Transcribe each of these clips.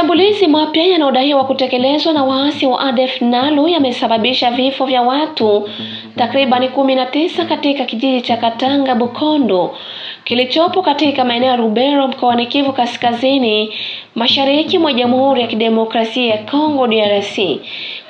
Mashambulizi mapya yanayodaiwa kutekelezwa na waasi wa ADF NALU yamesababisha vifo vya watu takribani kumi na tisa katika kijiji cha Katanga Bukondo kilichopo katika maeneo ya Rubero mkoani Kivu Kaskazini, mashariki mwa Jamhuri ya Kidemokrasia ya Kongo DRC.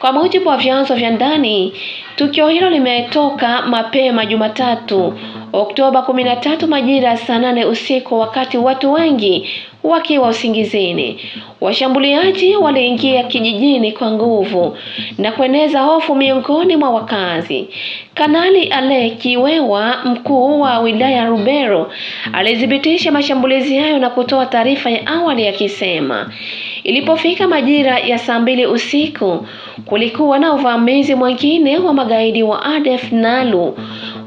Kwa mujibu wa vyanzo vya ndani, tukio hilo limetoka mapema Jumatatu Oktoba 13 majira saa nane usiku, wakati watu wengi wakiwa usingizini, washambuliaji waliingia kijijini kwa nguvu na kueneza hofu miongoni mwa wakazi. Kanali Ale Kiwewa, mkuu wa wilaya Rubero, alithibitisha mashambulizi hayo na kutoa taarifa ya awali akisema ilipofika majira ya saa mbili usiku kulikuwa na uvamizi mwingine wa magaidi wa ADF Nalu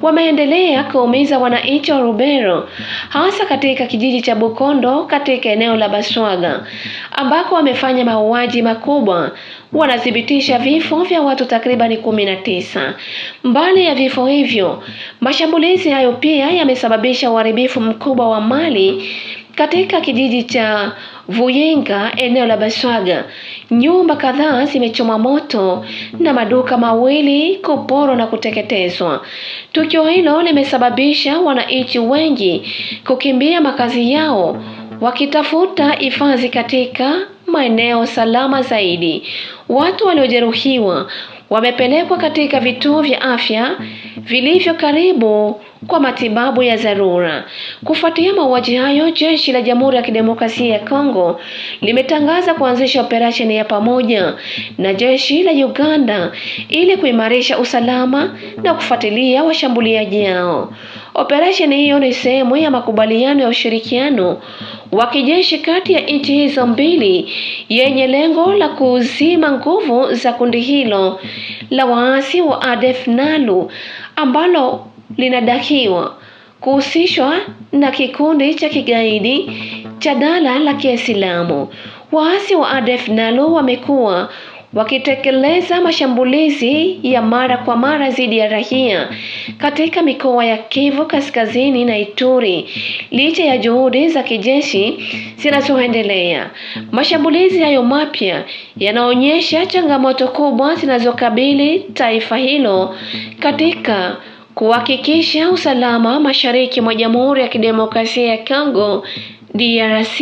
wameendelea kuumiza wananchi wa Lubero, hasa katika kijiji cha Bukondo katika eneo la Baswaga ambako wamefanya mauaji makubwa. Wanathibitisha vifo vya watu takribani kumi na tisa. Mbali ya vifo hivyo, mashambulizi hayo pia yamesababisha uharibifu mkubwa wa mali katika kijiji cha Vuyenga eneo la baswaga nyumba kadhaa zimechoma moto na maduka mawili kuporwa na kuteketezwa. Tukio hilo limesababisha wananchi wengi kukimbia makazi yao wakitafuta hifadhi katika maeneo salama zaidi. Watu waliojeruhiwa wamepelekwa katika vituo vya afya vilivyo karibu kwa matibabu ya dharura. Kufuatia mauaji hayo, jeshi la Jamhuri ya Kidemokrasia ya Kongo limetangaza kuanzisha operesheni ya pamoja na jeshi la Uganda ili kuimarisha usalama na kufuatilia washambuliaji hao. Operesheni hiyo ni sehemu ya makubaliano ya ushirikiano wa kijeshi kati ya nchi hizo mbili yenye lengo la kuzima nguvu za kundi hilo la waasi wa ADF-NALU ambalo linadakiwa kuhusishwa na kikundi cha kigaidi cha dala la Kiislamu. Waasi wa ADF nalo wamekuwa wakitekeleza mashambulizi ya mara kwa mara dhidi ya raia katika mikoa ya Kivu Kaskazini na Ituri. Licha ya juhudi za kijeshi zinazoendelea, mashambulizi hayo mapya yanaonyesha changamoto kubwa zinazokabili taifa hilo katika kuhakikisha usalama mashariki mwa Jamhuri ya Kidemokrasia ya Kongo DRC.